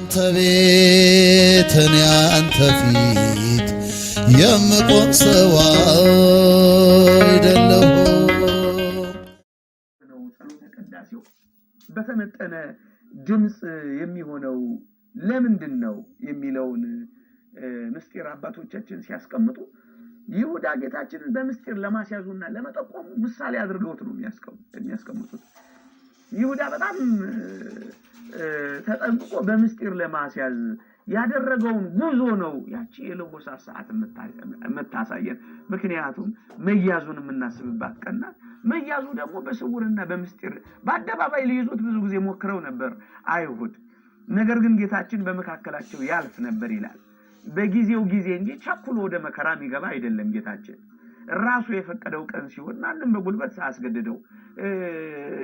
አንተ ቤት እኔ አንተ ፊት የምቆም ሰው አይደለሁ። በተመጠነ ድምፅ የሚሆነው ለምንድን ነው የሚለውን ምስጢር አባቶቻችን ሲያስቀምጡ ይሁዳ ጌታችንን በምስጢር ለማስያዙና ለመጠቆሙ ምሳሌ አድርገውት ነው የሚያስቀምጡት። ይሁዳ በጣም ተጠንቅቆ በምስጢር ለማስያዝ ያደረገውን ጉዞ ነው ያቺ የለጎሳ ሰዓት የምታሳየን። ምክንያቱም መያዙን የምናስብባት ቀን መያዙ ደግሞ በስውርና በምስጢር በአደባባይ ሊይዙት ብዙ ጊዜ ሞክረው ነበር አይሁድ። ነገር ግን ጌታችን በመካከላቸው ያልፍ ነበር ይላል። በጊዜው ጊዜ እንጂ ቸኩሎ ወደ መከራ የሚገባ አይደለም ጌታችን። ራሱ የፈቀደው ቀን ሲሆን ማንም በጉልበት ሳያስገድደው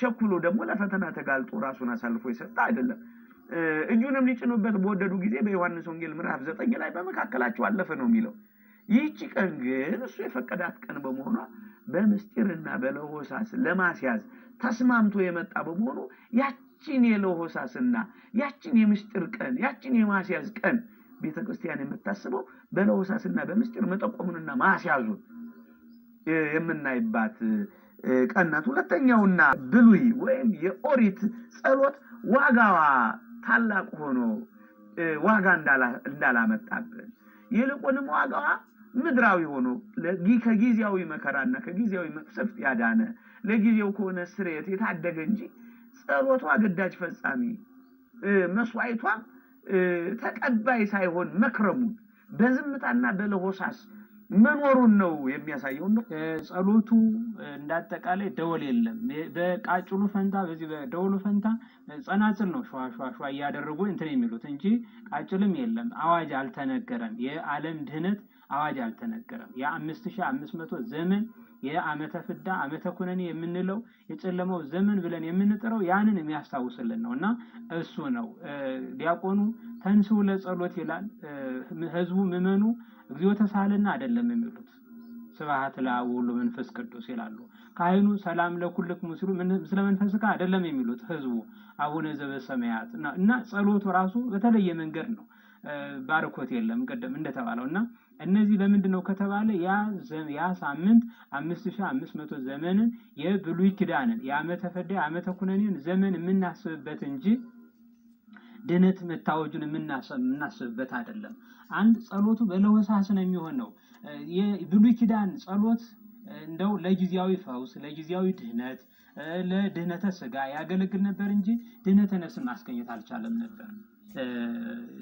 ቸኩሎ ደግሞ ለፈተና ተጋልጦ ራሱን አሳልፎ የሰጠ አይደለም። እጁንም ሊጭኑበት በወደዱ ጊዜ በዮሐንስ ወንጌል ምዕራፍ ዘጠኝ ላይ በመካከላቸው አለፈ ነው የሚለው። ይህቺ ቀን ግን እሱ የፈቀዳት ቀን በመሆኗ በምስጢርና በለሆሳስ ለማስያዝ ተስማምቶ የመጣ በመሆኑ ያችን የለሆሳስና ያችን የምስጢር ቀን ያችን የማስያዝ ቀን ቤተክርስቲያን የምታስበው በለሆሳስና በምስጢር መጠቆሙንና ማስያዙን የምናይባት ቀናት። ሁለተኛውና ብሉይ ወይም የኦሪት ጸሎት ዋጋዋ ታላቅ ሆኖ ዋጋ እንዳላመጣብን ይልቁንም ዋጋዋ ምድራዊ ሆኖ ከጊዜያዊ መከራና ከጊዜያዊ መቅሰፍት ያዳነ ለጊዜው ከሆነ ስርየት የታደገ እንጂ ጸሎቷ ግዳጅ ፈጻሚ መስዋዕቷም ተቀባይ ሳይሆን መክረሙን በዝምታና በለሆሳስ መኖሩን ነው የሚያሳየው። ጸሎቱ እንዳጠቃላይ ደወል የለም። በቃጭሉ ፈንታ በዚህ በደወሉ ፈንታ ጸናጽል ነው ሸዋ ሸዋ ሸዋ እያደረጉ እንትን የሚሉት እንጂ ቃጭልም የለም። አዋጅ አልተነገረም። የዓለም ድህነት አዋጅ አልተነገረም። የአምስት ሺህ አምስት መቶ ዘመን የአመተ ፍዳ አመተ ኩነኔ የምንለው የጨለማው ዘመን ብለን የምንጥረው ያንን የሚያስታውስልን ነው እና እሱ ነው ዲያቆኑ ተንስው ለጸሎት ይላል ህዝቡ ምመኑ። እግዚኦ ተሳለና አይደለም የሚሉት ስብሐት ለአብ ወወልድ ወመንፈስ ቅዱስ ይላሉ። ካህኑ ሰላም ለኩልክሙ ሲሉ ስለ መንፈስከ አይደለም የሚሉት ህዝቡ አቡነ ዘበሰማያት እና ጸሎቱ ራሱ በተለየ መንገድ ነው። ባርኮት የለም ቅድም እንደተባለው እና እነዚህ ለምንድን ነው ከተባለ ያ ሳምንት አምስት ሺህ አምስት መቶ ዘመንን የብሉይ ኪዳንን የአመተ ፈዳ የዓመተ ኩነኔን ዘመን የምናስብበት እንጂ ድነት መታወጁን የምናስብበት አይደለም። አንድ ጸሎቱ በለሆሳስ ነው የሚሆነው። የብሉይ ኪዳን ጸሎት እንደው ለጊዜያዊ ፈውስ፣ ለጊዜያዊ ድህነት፣ ለድህነተ ስጋ ያገለግል ነበር እንጂ ድህነተ ነፍስን ማስገኘት አልቻለም ነበር።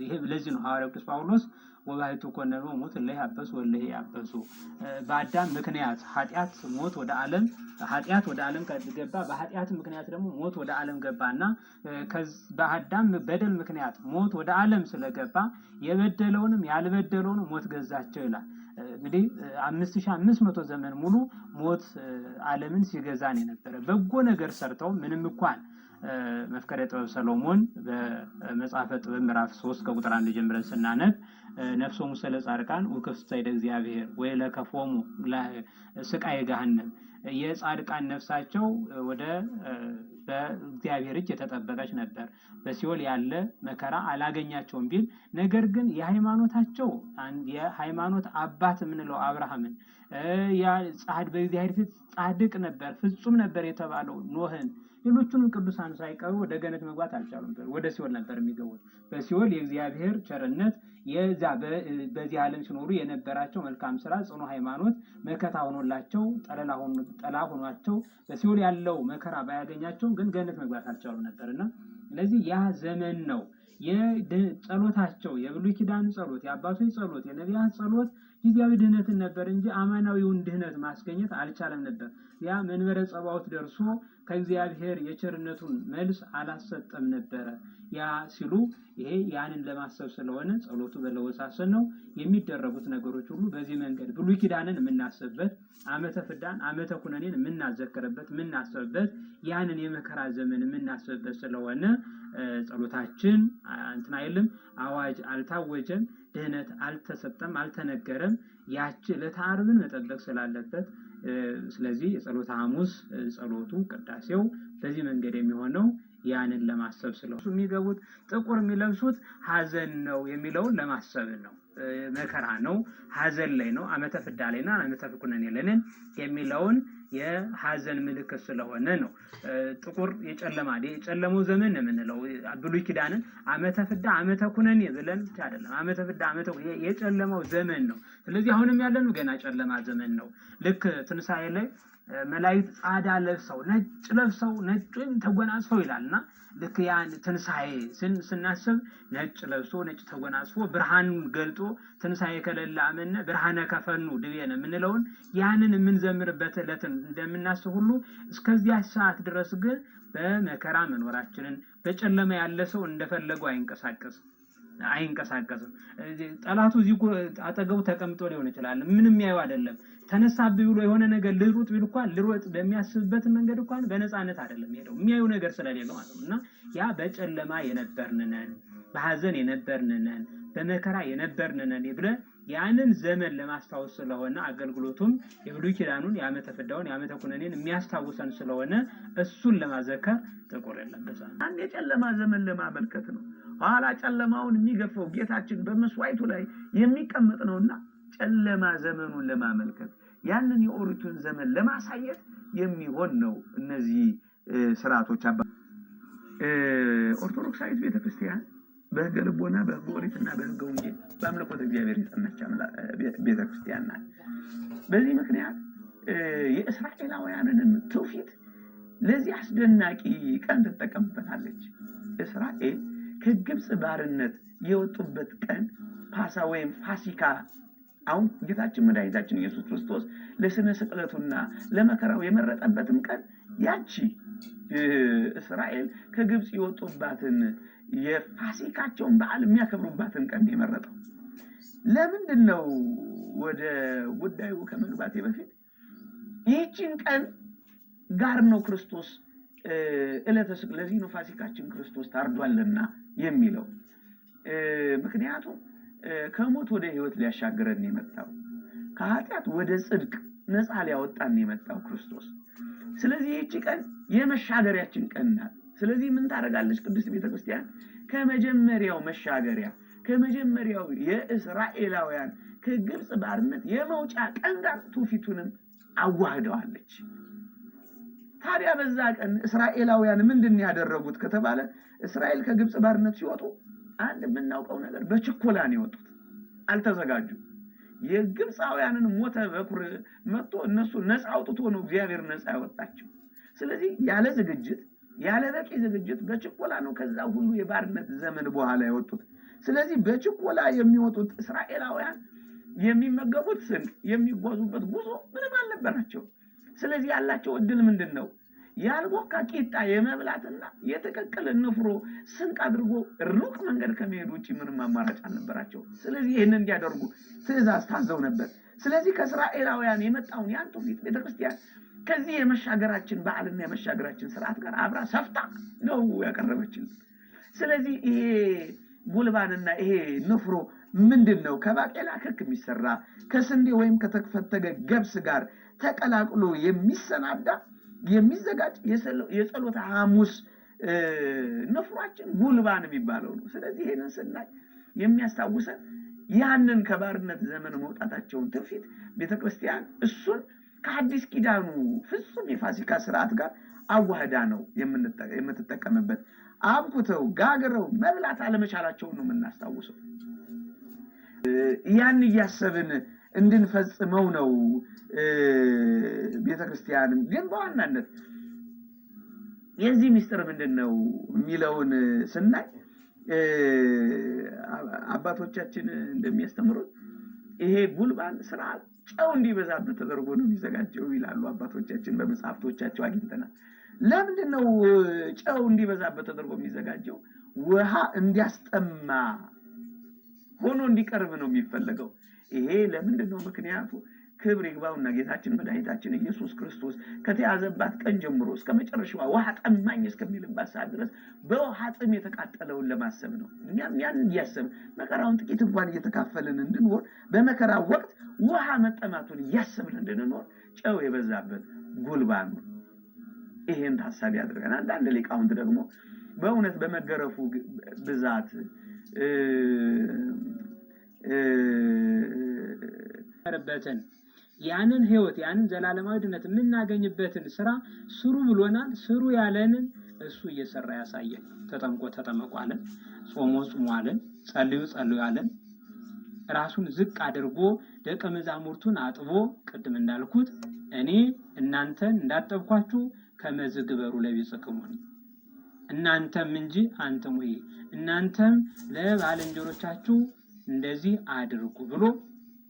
ይሄ ለዚህ ነው ሐዋርያው ቅዱስ ጳውሎስ ወባይቱ ኮነኖ ሞት እለ ያበሱ ወለ ያበሱ በአዳም ምክንያት ኃጢአት ሞት ወደ ዓለም ኃጢአት ወደ ዓለም ገባ። በኃጢአት ምክንያት ደግሞ ሞት ወደ ዓለም ገባና በአዳም በደል ምክንያት ሞት ወደ ዓለም ስለገባ የበደለውንም ያልበደለውን ሞት ገዛቸው ይላል። እንግዲህ አምስት ሺህ አምስት መቶ ዘመን ሙሉ ሞት ዓለምን ሲገዛን የነበረ በጎ ነገር ሰርተው ምንም እንኳን መፍቀደ ጥበብ ሰሎሞን በመጽሐፈ ጥበብ ምዕራፍ ሶስት ከቁጥር አንድ ጀምረን ስናነብ ነፍሶሙ ስለ ጻድቃን ውክፍትሳይደ እግዚአብሔር ወይ ለከፎሙ ስቃይ ገሃነም የጻድቃን ነፍሳቸው ወደ በእግዚአብሔር እጅ የተጠበቀች ነበር፣ በሲኦል ያለ መከራ አላገኛቸውም ቢል ነገር ግን የሃይማኖታቸው የሃይማኖት አባት የምንለው አብርሃምን ጻድ በእግዚአብሔር ፊት ጻድቅ ነበር ፍጹም ነበር የተባለው ኖህን ሌሎቹንም ቅዱሳን ሳይቀሩ ወደ ገነት መግባት አልቻሉም። ወደ ሲኦል ነበር የሚገቡት። በሲኦል የእግዚአብሔር ቸርነት የዛ በዚህ ዓለም ሲኖሩ የነበራቸው መልካም ስራ ጽኑ ሃይማኖት መከታ ሆኖላቸው ጠላ ሆኗቸው በሲኦል ያለው መከራ ባያገኛቸው ግን ገነት መግባት አልቻሉ ነበር እና ስለዚህ ያ ዘመን ነው የጸሎታቸው የብሉይ ኪዳን ጸሎት፣ የአባቶች ጸሎት፣ የነቢያት ጸሎት ጊዜያዊ ድህነትን ነበር እንጂ አማናዊውን ድህነት ማስገኘት አልቻለም ነበር። ያ መንበረ ጸባዖት ደርሶ ከእግዚአብሔር የቸርነቱን መልስ አላሰጠም ነበረ። ያ ሲሉ ይሄ ያንን ለማሰብ ስለሆነ ጸሎቱ በለወሳሰን ነው። የሚደረጉት ነገሮች ሁሉ በዚህ መንገድ ብሉይ ኪዳንን የምናስብበት፣ ዓመተ ፍዳን ዓመተ ኩነኔን የምናዘክርበት የምናስብበት፣ ያንን የመከራ ዘመን የምናስብበት ስለሆነ ጸሎታችን እንትን አይልም፣ አዋጅ አልታወጀም። ድህነት አልተሰጠም፣ አልተነገረም። ያች ዕለተ ዓርብን መጠበቅ ስላለበት ስለዚህ የጸሎተ ሐሙስ ጸሎቱ ቅዳሴው በዚህ መንገድ የሚሆነው ያንን ለማሰብ ስለ የሚገቡት ጥቁር የሚለብሱት ሐዘን ነው የሚለውን ለማሰብ ነው። መከራ ነው፣ ሐዘን ላይ ነው፣ ዓመተ ፍዳ ላይ ና ዓመተ ፍቁነን የለንን የሚለውን የሀዘን ምልክት ስለሆነ ነው። ጥቁር የጨለማ የጨለመው ዘመን የምንለው ብሉይ ኪዳንን ዓመተ ፍዳ ዓመተ ኩነኔ ብለን ብቻ አይደለም። ዓመተ ፍዳ ዓመተ የጨለማው ዘመን ነው። ስለዚህ አሁንም ያለን ገና ጨለማ ዘመን ነው። ልክ ትንሣኤ ላይ መላእክት ጻዳ ለብሰው ነጭ ለብሰው ነጭ ወይም ተጎናጽፈው ይላል እና ልክ ያን ትንሣኤ ስናስብ ነጭ ለብሶ ነጭ ተጎናጽፎ ብርሃን ገልጦ ትንሣኤ ከሌለ አመነ ብርሃነ ከፈኑ ድቤ ነው የምንለውን ያንን የምንዘምርበት ዕለትን እንደምናስብ ሁሉ እስከዚያ ሰዓት ድረስ ግን በመከራ መኖራችንን በጨለማ ያለ ሰው እንደፈለጉ አይንቀሳቀስም አይንቀሳቀስም። ጠላቱ እዚህ አጠገቡ ተቀምጦ ሊሆን ይችላል። ምንም ያዩ አይደለም። ተነሳብ ብሎ የሆነ ነገር ልሩጥ ቢል እንኳን ልሮጥ በሚያስብበት መንገድ እንኳን በነፃነት አይደለም ሄደው የሚያዩ ነገር ስለሌለ ማለት ነው። እና ያ በጨለማ የነበርንነን፣ በሀዘን የነበርንነን፣ በመከራ የነበርንነን ብለህ ያንን ዘመን ለማስታወስ ስለሆነ አገልግሎቱም የብሉይ ኪዳኑን የዓመተ ፍዳውን የዓመተ ኩነኔን የሚያስታውሰን ስለሆነ እሱን ለማዘከር ጥቁር ይለበሳል። አንድ የጨለማ ዘመን ለማመልከት ነው። ኋላ ጨለማውን የሚገፈው ጌታችን በመስዋዕቱ ላይ የሚቀመጥ ነውና ጨለማ ዘመኑን ለማመልከት ያንን የኦሪቱን ዘመን ለማሳየት የሚሆን ነው። እነዚህ ስርዓቶች አባ ኦርቶዶክሳዊት ቤተክርስቲያን በህገ ልቦና በህገ ኦሪትና በህገ ወንጌል በአምልኮት እግዚአብሔር የጸናች ቤተክርስቲያን ናት። በዚህ ምክንያት የእስራኤላውያንንም ትውፊት ለዚህ አስደናቂ ቀን ትጠቀምበታለች። እስራኤል ከግብፅ ባርነት የወጡበት ቀን ፓሳ ወይም ፋሲካ አሁን ጌታችን መድኃኒታችን ኢየሱስ ክርስቶስ ለስነ ስቅለቱና ለመከራው የመረጠበትም ቀን ያቺ እስራኤል ከግብፅ የወጡባትን የፋሲካቸውን በዓል የሚያከብሩባትን ቀን የመረጠው ለምንድን ነው ወደ ጉዳዩ ከመግባቴ በፊት ይህችን ቀን ጋር ነው ክርስቶስ ዕለተ ስቅለት ለዚህ ነው ፋሲካችን ክርስቶስ ታርዷልና የሚለው። ምክንያቱም ከሞት ወደ ህይወት ሊያሻግረን የመጣው ከኃጢአት ወደ ጽድቅ ነፃ ሊያወጣን የመጣው ክርስቶስ። ስለዚህ ይህቺ ቀን የመሻገሪያችን ቀን ናት። ስለዚህ ምን ታደርጋለች ቅድስት ቤተክርስቲያን? ከመጀመሪያው መሻገሪያ ከመጀመሪያው የእስራኤላውያን ከግብፅ ባርነት የመውጫ ቀን ጋር ትውፊቱንም አዋህደዋለች። ታዲያ በዛ ቀን እስራኤላውያን ምንድን ያደረጉት ከተባለ እስራኤል ከግብፅ ባርነት ሲወጡ አንድ የምናውቀው ነገር በችኮላ ነው የወጡት፣ አልተዘጋጁም። የግብፃውያንን ሞተ በኩር መጥቶ እነሱ ነፃ አውጥቶ ነው እግዚአብሔር ነፃ ያወጣቸው። ስለዚህ ያለ ዝግጅት ያለ በቂ ዝግጅት በችኮላ ነው ከዛ ሁሉ የባርነት ዘመን በኋላ የወጡት። ስለዚህ በችኮላ የሚወጡት እስራኤላውያን የሚመገቡት ስንቅ፣ የሚጓዙበት ጉዞ ምንም አልነበራቸው። ስለዚህ ያላቸው እድል ምንድን ነው? ያልቦካ ቂጣ የመብላትና የተቀቀለ ንፍሮ ስንቅ አድርጎ ሩቅ መንገድ ከመሄድ ውጭ ምንም አማራጭ አልነበራቸው። ስለዚህ ይህን እንዲያደርጉ ትእዛዝ ታዘው ነበር። ስለዚህ ከእስራኤላውያን የመጣውን ያን ፊት ቤተክርስቲያን ከዚህ የመሻገራችን በዓልና የመሻገራችን ስርዓት ጋር አብራ ሰፍታ ነው ያቀረበችን። ስለዚህ ይሄ ጉልባንና ይሄ ንፍሮ ምንድን ነው? ከባቄላ ክክ የሚሰራ ከስንዴ ወይም ከተፈተገ ገብስ ጋር ተቀላቅሎ የሚሰናዳ የሚዘጋጅ የጸሎተ ሐሙስ ንፍሯችን ጉልባን የሚባለው ነው። ስለዚህ ይህንን ስናይ የሚያስታውሰን ያንን ከባርነት ዘመን መውጣታቸውን ትውፊት ቤተክርስቲያን እሱን ከአዲስ ኪዳኑ ፍጹም የፋሲካ ስርዓት ጋር አዋህዳ ነው የምትጠቀምበት። አብኩተው ጋግረው መብላት አለመቻላቸውን ነው የምናስታውሰው። ያን እያሰብን እንድንፈጽመው ነው ቤተክርስቲያንም። ግን በዋናነት የዚህ ምስጢር ምንድን ነው የሚለውን ስናይ አባቶቻችን እንደሚያስተምሩት ይሄ ጉልባን ስርዓት ጨው እንዲበዛበት ተደርጎ ነው የሚዘጋጀው ይላሉ አባቶቻችን። በመጽሐፍቶቻቸው አግኝተናል። ለምንድን ነው ጨው እንዲበዛበት ተደርጎ የሚዘጋጀው? ውሃ እንዲያስጠማ ሆኖ እንዲቀርብ ነው የሚፈለገው። ይሄ ለምንድን ነው ምክንያቱ? ክብር ይግባውና ጌታችን መድኃኒታችን ኢየሱስ ክርስቶስ ከተያዘባት ቀን ጀምሮ እስከ መጨረሻዋ ውሃ ጠማኝ እስከሚልባት ሰዓት ድረስ በውሃ ጥም የተቃጠለውን ለማሰብ ነው። እኛም ያን እያሰብን መከራውን ጥቂት እንኳን እየተካፈልን እንድንሆን በመከራ ወቅት ውሃ መጠማቱን እያሰብን እንድንኖር ጨው የበዛበት ነው። ይሄን ታሳቢ አድርገን አንዳንድ ሊቃውንት ደግሞ በእውነት በመገረፉ ብዛት በትን ያንን ህይወት ያንን ዘላለማዊ ድነት የምናገኝበትን ስራ ስሩ ብሎናል። ስሩ ያለንን እሱ እየሰራ ያሳየን። ተጠምቆ ተጠመቆ አለን፣ ጾሞ ጾሙ አለን፣ ጸልዩ ጸልዩ አለን። ራሱን ዝቅ አድርጎ ደቀ መዛሙርቱን አጥቦ ቅድም እንዳልኩት እኔ እናንተን እንዳጠብኳችሁ ከመዝግበሩ ለቢጽክሙን እናንተም እንጂ አንተም ወይ እናንተም ለባልንጀሮቻችሁ እንደዚህ አድርጉ ብሎ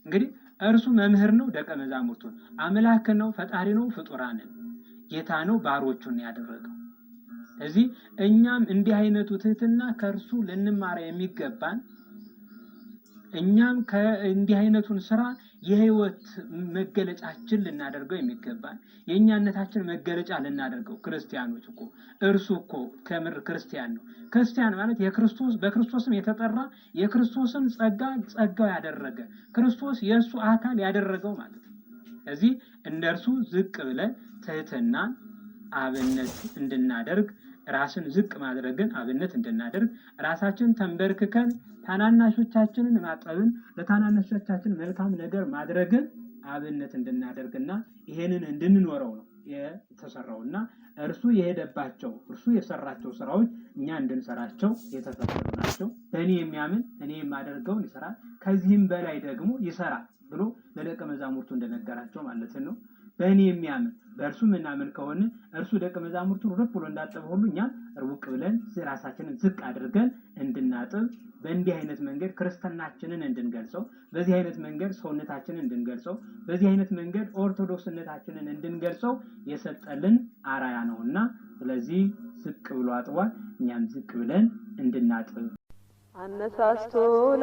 እንግዲህ እርሱ መምህር ነው፣ ደቀ መዛሙርቱን አምላክ ነው፣ ፈጣሪ ነው፣ ፍጡራንን ጌታ ነው፣ ባሮቹን ያደረገው። እዚህ እኛም እንዲህ አይነቱ ትህትና ከእርሱ ልንማራ የሚገባን እኛም ከእንዲህ አይነቱን ስራ የህይወት መገለጫችን ልናደርገው የሚገባል የእኛነታችን መገለጫ ልናደርገው። ክርስቲያኖች እኮ እርሱ እኮ ከምር ክርስቲያን ነው። ክርስቲያን ማለት የክርስቶስ በክርስቶስም የተጠራ የክርስቶስን ጸጋ ጸጋው ያደረገ ክርስቶስ የእሱ አካል ያደረገው ማለት ነው። እዚህ እንደ እርሱ ዝቅ ብለን ትህትናን አብነት እንድናደርግ ራስን ዝቅ ማድረግን አብነት እንድናደርግ ራሳችን ተንበርክከን ታናናሾቻችንን ማጠብን ለታናናሾቻችን መልካም ነገር ማድረግን አብነት እንድናደርግና ይሄንን እንድንኖረው ነው የተሰራውና እርሱ የሄደባቸው እርሱ የሰራቸው ስራዎች እኛ እንድንሰራቸው የተፈጠሩ ናቸው። በእኔ የሚያምን እኔ የማደርገውን ይሰራል፣ ከዚህም በላይ ደግሞ ይሰራል ብሎ ለደቀ መዛሙርቱ እንደነገራቸው ማለትን ነው። በእኔ የሚያምን በእርሱ የምናምን ከሆነ እርሱ ደቀ መዛሙርቱን ርብ ብሎ እንዳጠበ ሁሉ እኛም ርቡቅ ብለን ራሳችንን ዝቅ አድርገን እንድናጥብ በእንዲህ አይነት መንገድ ክርስትናችንን እንድንገልጸው፣ በዚህ አይነት መንገድ ሰውነታችንን እንድንገልጸው፣ በዚህ አይነት መንገድ ኦርቶዶክስነታችንን እንድንገልጸው የሰጠልን አራያ ነውና፣ ስለዚህ ዝቅ ብሎ አጥቧል። እኛም ዝቅ ብለን እንድናጥብ አነሳስቶ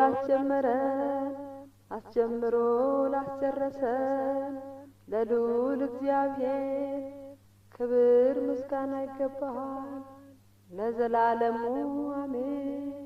ላስጀመረን አስጀምሮ ላስጨረሰን ለልዑል እግዚአብሔር ክብር ምስጋና ይገባሃል ለዘላለሙ አሜን።